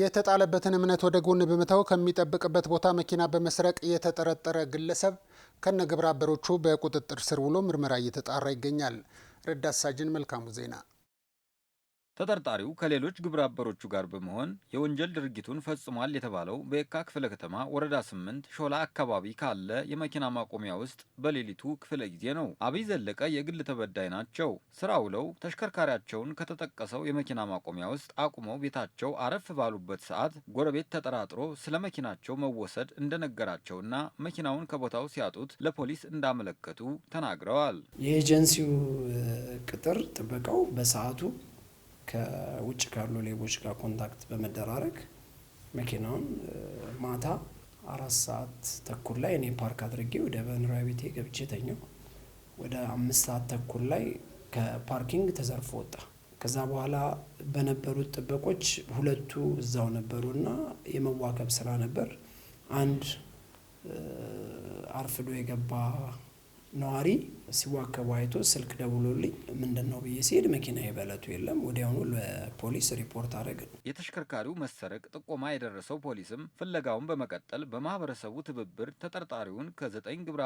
የተጣለበትን እምነት ወደ ጎን በመተው ከሚጠብቅበት ቦታ መኪና በመስረቅ የተጠረጠረ ግለሰብ ከነግብረ አበሮቹ በቁጥጥር ስር ውሎ ምርመራ እየተጣራ ይገኛል። ረዳት ሳጅን መልካሙ ዜና ተጠርጣሪው ከሌሎች ግብረ አበሮቹ ጋር በመሆን የወንጀል ድርጊቱን ፈጽሟል የተባለው በየካ ክፍለ ከተማ ወረዳ ስምንት ሾላ አካባቢ ካለ የመኪና ማቆሚያ ውስጥ በሌሊቱ ክፍለ ጊዜ ነው። አብይ ዘለቀ የግል ተበዳይ ናቸው። ስራ ውለው ተሽከርካሪያቸውን ከተጠቀሰው የመኪና ማቆሚያ ውስጥ አቁመው ቤታቸው አረፍ ባሉበት ሰዓት ጎረቤት ተጠራጥሮ ስለ መኪናቸው መወሰድ እንደነገራቸውና መኪናውን ከቦታው ሲያጡት ለፖሊስ እንዳመለከቱ ተናግረዋል። የኤጀንሲው ቅጥር ጥበቃው በሰዓቱ ከውጭ ካሉ ሌቦች ጋር ኮንታክት በመደራረግ መኪናውን ማታ አራት ሰዓት ተኩል ላይ እኔ ፓርክ አድርጌ ወደ መኖሪያ ቤቴ ገብቼ ተኘው። ወደ አምስት ሰዓት ተኩል ላይ ከፓርኪንግ ተዘርፎ ወጣ። ከዛ በኋላ በነበሩት ጥበቆች ሁለቱ እዛው ነበሩና የመዋከብ ስራ ነበር። አንድ አርፍዶ የገባ ነዋሪ ሲዋከቡ አይቶ ስልክ ደውሎልኝ ምንድን ነው ብዬ ሲሄድ መኪና የበለቱ የለም። ወዲያውኑ ለፖሊስ ሪፖርት አደረግን። የተሽከርካሪው መሰረቅ ጥቆማ የደረሰው ፖሊስም ፍለጋውን በመቀጠል በማህበረሰቡ ትብብር ተጠርጣሪውን ከዘጠኝ ግብረ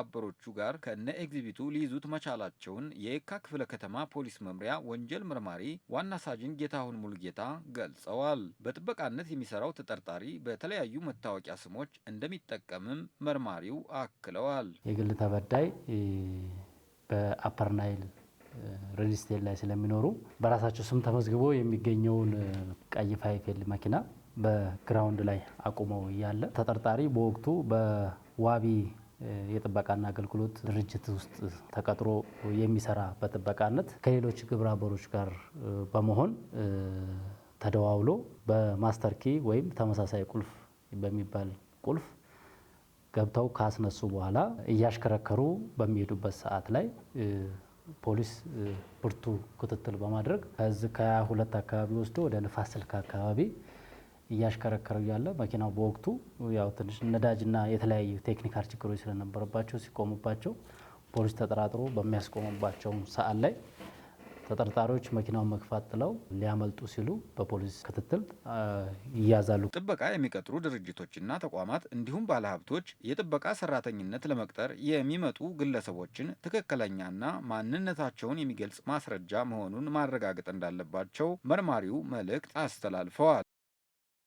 ጋር ከነ ኤግዚቢቱ ሊይዙት መቻላቸውን የየካ ክፍለ ከተማ ፖሊስ መምሪያ ወንጀል መርማሪ ዋና ሳጅን ጌታሁን ሙሉጌታ ገልጸዋል። በጥበቃነት የሚሰራው ተጠርጣሪ በተለያዩ መታወቂያ ስሞች እንደሚጠቀምም መርማሪው አክለዋል። የግል ተበዳይ በአፐር ናይል ላይ ስለሚኖሩ በራሳቸው ስም ተመዝግቦ የሚገኘውን ቀይ ፋይፌል መኪና በግራውንድ ላይ አቁመው እያለ ተጠርጣሪ በወቅቱ በዋቢ የጥበቃና አገልግሎት ድርጅት ውስጥ ተቀጥሮ የሚሰራ በጥበቃነት ከሌሎች ግብረ አበሮች ጋር በመሆን ተደዋውሎ በማስተርኪ ወይም ተመሳሳይ ቁልፍ በሚባል ቁልፍ ገብተው ካስነሱ በኋላ እያሽከረከሩ በሚሄዱበት ሰዓት ላይ ፖሊስ ብርቱ ክትትል በማድረግ ከዚህ ከሀያ ሁለት አካባቢ ወስዶ ወደ ንፋስ ስልክ አካባቢ እያሽከረከረው ያለ መኪናው በወቅቱ ያው ትንሽ ነዳጅና የተለያዩ ቴክኒካል ችግሮች ስለነበረባቸው ሲቆሙባቸው ፖሊስ ተጠራጥሮ በሚያስቆሙባቸው ሰዓት ላይ ተጠርጣሪዎች መኪናውን መግፋት ጥለው ሊያመልጡ ሲሉ በፖሊስ ክትትል ይያዛሉ። ጥበቃ የሚቀጥሩ ድርጅቶችና ተቋማት እንዲሁም ባለሀብቶች የጥበቃ ሰራተኝነት ለመቅጠር የሚመጡ ግለሰቦችን ትክክለኛና ማንነታቸውን የሚገልጽ ማስረጃ መሆኑን ማረጋገጥ እንዳለባቸው መርማሪው መልእክት አስተላልፈዋል።